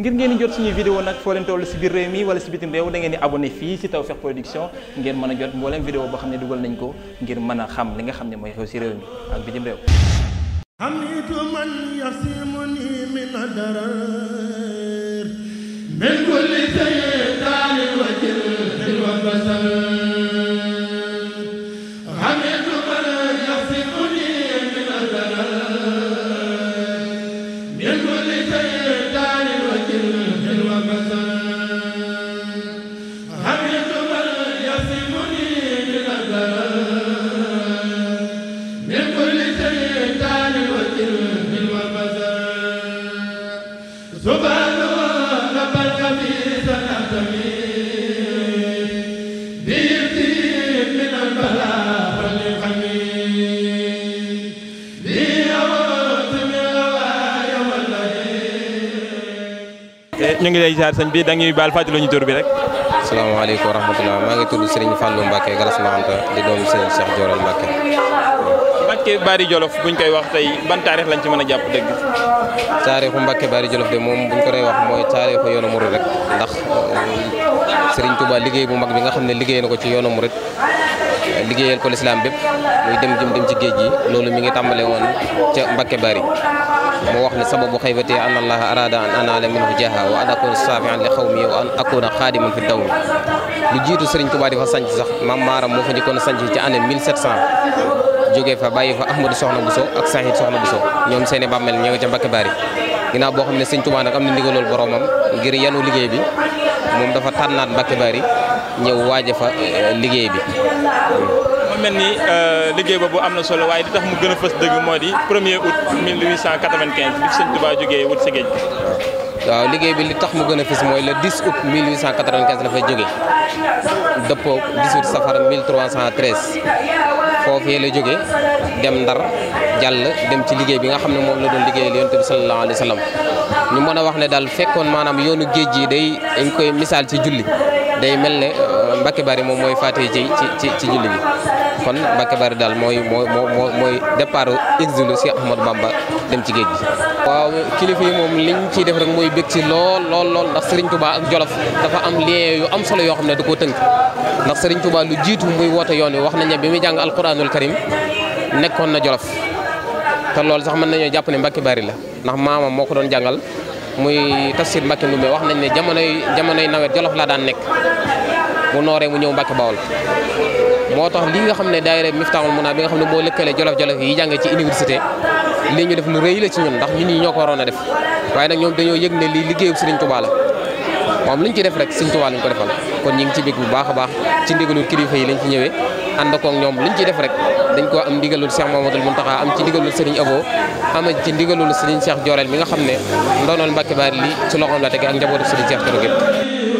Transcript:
ngir ngeen jot suñu vidéo nag foo leen toll si biir réew mi wala si bitim réew da ngeen di abonné fii si Tawfekh Production ngeen mën a jot mboolem vidéo boo xam ne dugal nañ ko ngir mën a xam li nga xam ne mooy xew si réew mi ak bitim réew hamitu man yasimuni min darar min kulli saytaani wa jinnin Eh, ñu ngi lay ziar sëñ bi da ñuy baal fàttali ñu tur bi rek. asalaamaaleykum wa rahmatulah maa ngi tudd Serigne Fallou Mbacke Galas Mahanta di doomu Serigne Cheikh Dioral Mbacke. Mbacke Bari Jolof buñ koy wax tey ban taarix lañ ci mën a jàpp dëgg. taarixu Mbacke Bari Jolof de moom buñ ko doon wax mooy taarixu yoonu murid rek ndax euh, Serigne Touba liggéey bu mag bi nga xam ne liggéey na ko ci yoonu murid liggéeyal ko lislaam bépp muy dem jëm dem ci géej gi loolu mi ngi tàmbale woon ca Mbacke Bari moo wax ne sababu xaybati an allaha arada an anaala minhu jaha wa an akuna saafian li xawmi wa an akuna xaadiman fi dawmi lu jiitu Serigne Touba di fa sanc sax maam maaram moo fa njëkkoon a sanc ci année 1700 jógee fa bàyyi fa Ahmadou Soxna Bousso ak Sahid Soxna Bousso ñoom seeni bàmmeel ñoo nga ca Mbacke Bari ginnaaw boo xam ne Sëñ Tuubaa nag am na ndigalool boromam ngir yanu liggéey bi moom dafa tànnaat Mbacke Bari ñëw waaje fa eh, liggéey bi mel ni euh, liggéey boobu am na solo waaye li tax mu gën a fës dëgg moo di premier août 1895 bi Sëñ Tuubaa jógee wut si géej waaw liggéey bi li tax mu gën a fës mooy le 10 août 1895 la fay jóge dëppoo 18 safar 1313 foofee la jóge dem ndar jàll dem ci liggéey bi nga xam ne moom la doon liggéeyal yonent bi sallallahu alayhi wa sallam ñu mën a wax ne daal fekkoon maanaam yoonu géej gi day dañ koy misaal ci julli day mel ne euh, Mbacke Bari moom mooy faatee ci ci ci julli bi kon Mbacké Bari daal mooy mooy moo mooy départ exil si Ahmadou Bamba dem ci géej gi. waaw kilifa yi moom liñ ciy def rek mooy bég ci lool lool lool ndax Serigne Touba ak Jolof dafa am lien am solo yoo xam ne da koo tënk ndax Serigne Touba lu jiitu muy woote yoon wi wax nañ ne bi muy jàng alquranul karim nekkoon na Jolof te loolu sax mën nañoo jàpp ne Mbacké Bari la ndax maama moo ko doon jàngal muy tafsir Mbacké Ndoumbé wax nañ ne jamonoy jamonoy nawet Jolof laa daan nekk mu noore mu ñëw Mbacké Bawol moo tax lii nga xam ne daayira Miftaahul Muna bi nga xam ne boo lëkkalee jolof-jolof yi jàngee ci université li ñu def lu rëy la ci ñun ndax ñun ñi ñoo ko waroon def waaye nag ñoom dañoo yëg ne lii liggéeyub Sëriñ Tuubaa la moom liñ ci def rek Sëriñ Tuubaa lañ ko defal kon ñu ngi ci bég bu baax a baax ci ndigalul kilifa yi lañ ci ñëwee ànd ak ñoom liñ ci def rek dañ ko am ndigalul Cheikh Mamadou Mountakha am ci ndigalul Serigne Abo am ci ndigalul Serigne Cheikh Jorel mi nga xam ne ndoonoon Mbacke Bari li ci loxoom la tege ak njabootu Serigne Cheikh